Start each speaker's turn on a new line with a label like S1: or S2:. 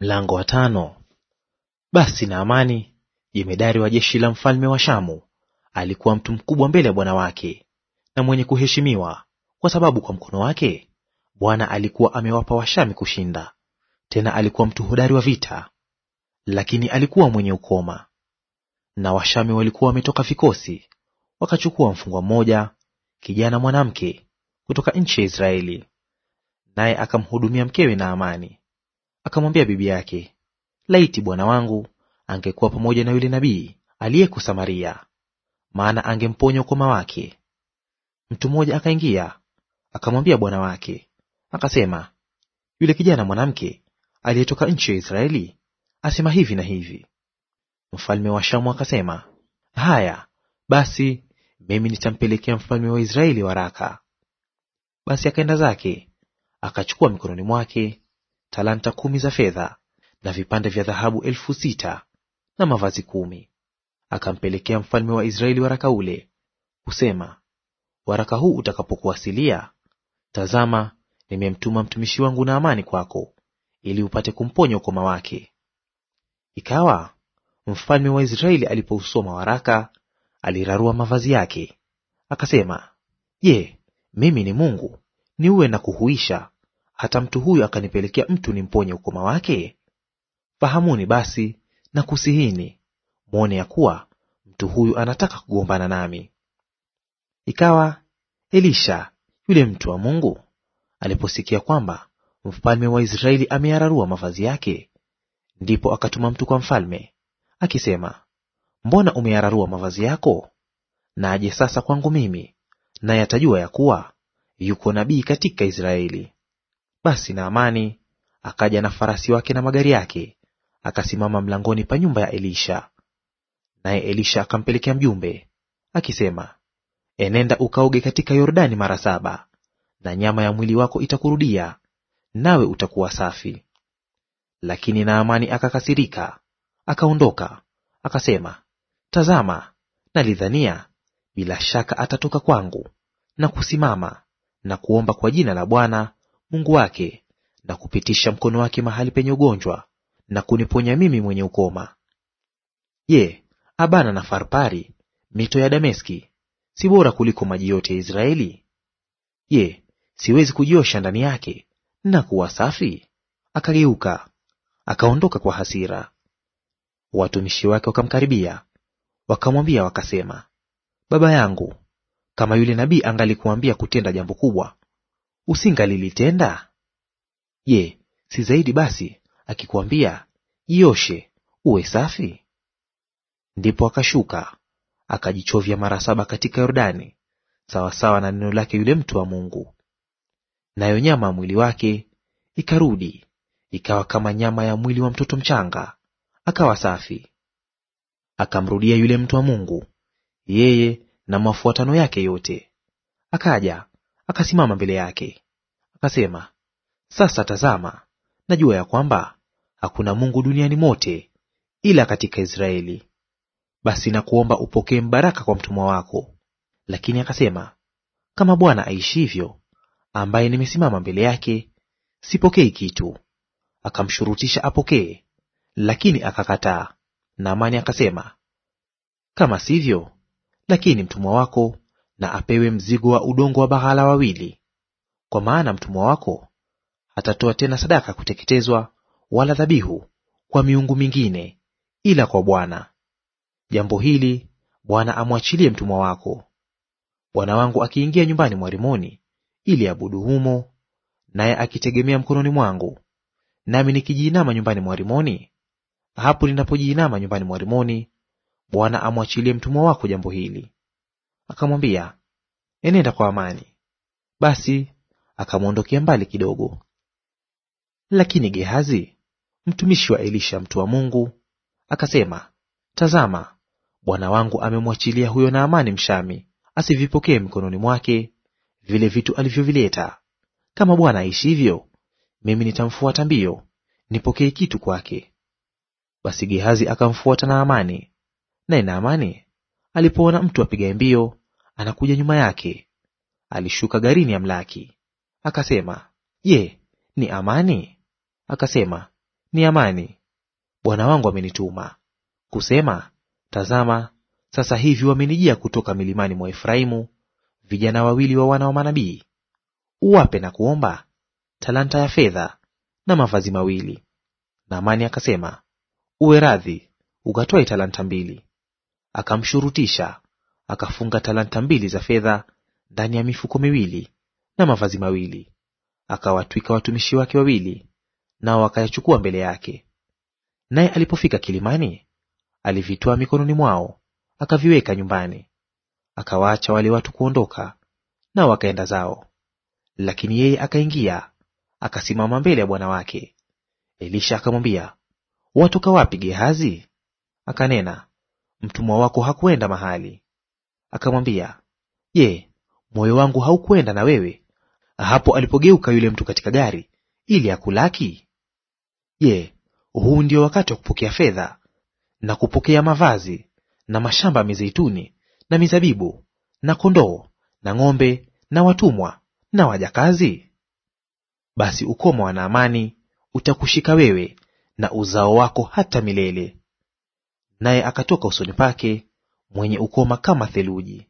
S1: Mlango wa tano. Basi Naamani jemedari wa jeshi la mfalme wa Shamu alikuwa mtu mkubwa mbele ya bwana wake na mwenye kuheshimiwa, kwa sababu kwa mkono wake Bwana alikuwa amewapa Washami kushinda. Tena alikuwa mtu hodari wa vita, lakini alikuwa mwenye ukoma. Na Washami walikuwa wametoka vikosi, wakachukua mfungwa mmoja, kijana mwanamke kutoka nchi ya Israeli, naye akamhudumia mkewe Naamani. Akamwambia bibi yake, laiti bwana wangu angekuwa pamoja na yule nabii aliyeko Samaria, maana angemponya ukoma wake. Mtu mmoja akaingia akamwambia bwana wake akasema, yule kijana mwanamke aliyetoka nchi ya Israeli asema hivi na hivi. Mfalme wa Shamu akasema, haya basi, mimi nitampelekea mfalme wa Israeli waraka. Basi akaenda zake akachukua mikononi mwake talanta kumi za fedha na vipande vya dhahabu elfu sita na mavazi kumi. Akampelekea mfalme wa Israeli waraka ule kusema, waraka huu utakapokuwasilia, tazama, nimemtuma mtumishi wangu na amani kwako, ili upate kumponya ukoma wake. Ikawa mfalme wa Israeli alipousoma waraka, alirarua mavazi yake, akasema, Je, mimi ni Mungu ni uwe na kuhuisha hata mtu huyo akanipelekea mtu nimponye ukoma wake? Fahamuni basi na kusihini, mwone ya kuwa mtu huyu anataka kugombana nami. Ikawa Elisha yule mtu wa Mungu aliposikia kwamba mfalme wa Israeli ameyararua mavazi yake, ndipo akatuma mtu kwa mfalme akisema, mbona umeyararua mavazi yako? Na aje sasa kwangu mimi, naye atajua ya kuwa yuko nabii katika Israeli. Basi Naamani akaja na farasi wake na magari yake, akasimama mlangoni pa nyumba ya Elisha. Naye Elisha akampelekea mjumbe akisema, enenda ukaoge katika Yordani mara saba, na nyama ya mwili wako itakurudia, nawe utakuwa safi. Lakini Naamani akakasirika, akaondoka, akasema, tazama, nalidhania bila shaka atatoka kwangu na kusimama na kuomba kwa jina la Bwana Mungu wake na kupitisha mkono wake mahali penye ugonjwa na kuniponya mimi mwenye ukoma. Je, Abana na Farpari, mito ya Dameski, si bora kuliko maji yote ya Israeli? Je, siwezi kujiosha ndani yake na kuwa safi? Akageuka akaondoka kwa hasira. Watumishi wake wakamkaribia wakamwambia, wakasema, baba yangu, kama yule nabii angalikuambia kutenda jambo kubwa, usingalilitenda? Je, si zaidi basi akikwambia jioshe, uwe safi? Ndipo akashuka akajichovya mara saba katika Yordani, sawasawa na neno lake yule mtu wa Mungu. Nayo nyama ya mwili wake ikarudi ikawa kama nyama ya mwili wa mtoto mchanga, akawa safi. Akamrudia yule mtu wa Mungu, yeye na mafuatano yake yote, akaja akasimama mbele yake akasema, sasa tazama, najua ya kwamba hakuna Mungu duniani mote ila katika Israeli. Basi nakuomba upokee mbaraka kwa mtumwa wako. Lakini akasema, kama Bwana aishivyo, ambaye nimesimama mbele yake, sipokei kitu. Akamshurutisha apokee, lakini akakataa. Naamani akasema, kama sivyo, lakini mtumwa wako na apewe mzigo wa udongo wa bahala wawili, kwa maana mtumwa wako hatatoa tena sadaka kuteketezwa wala dhabihu kwa miungu mingine ila kwa Bwana. Jambo hili Bwana amwachilie mtumwa wako. Bwana wangu akiingia nyumbani mwa Rimoni ili abudu humo, naye akitegemea mkononi mwangu, nami nikijiinama nyumbani mwa Rimoni, hapo ninapojiinama nyumbani mwa Rimoni, Bwana amwachilie mtumwa wako jambo hili akamwambia, enenda kwa amani. Basi akamwondokea mbali kidogo. Lakini Gehazi mtumishi wa Elisha mtu wa Mungu akasema, tazama, bwana wangu amemwachilia huyo na amani Mshami asivipokee mikononi mwake vile vitu alivyovileta. Kama Bwana aishi hivyo, mimi nitamfuata mbio nipokee kitu kwake. Basi Gehazi akamfuata na amani naye amani alipoona mtu apigaye mbio anakuja nyuma yake, alishuka garini ya mlaki Akasema, Je, ni amani? Akasema, ni amani. Bwana wangu amenituma kusema, tazama, sasa hivi wamenijia kutoka milimani mwa Efraimu vijana wawili wa wana wa manabii, uwape na kuomba talanta ya fedha na mavazi mawili. Naamani akasema, uwe radhi, ukatoe talanta mbili akamshurutisha akafunga talanta mbili za fedha ndani ya mifuko miwili na mavazi mawili, akawatwika watumishi wake wawili, nao akayachukua mbele yake. Naye alipofika kilimani, alivitoa mikononi mwao, akaviweka nyumbani. Akawaacha wale watu kuondoka, nao akaenda zao. Lakini yeye akaingia, akasimama mbele ya bwana wake. Elisha akamwambia, watoka wapi Gehazi? Akanena, mtumwa wako hakwenda mahali. Akamwambia, Je, moyo wangu haukwenda na wewe hapo alipogeuka yule mtu katika gari ili akulaki? Je, huu ndio wakati wa kupokea fedha na kupokea mavazi na mashamba ya mizeituni na mizabibu na kondoo na ng'ombe na watumwa na wajakazi? Basi ukoma wa Naamani utakushika wewe na uzao wako hata milele naye akatoka usoni pake mwenye ukoma kama theluji.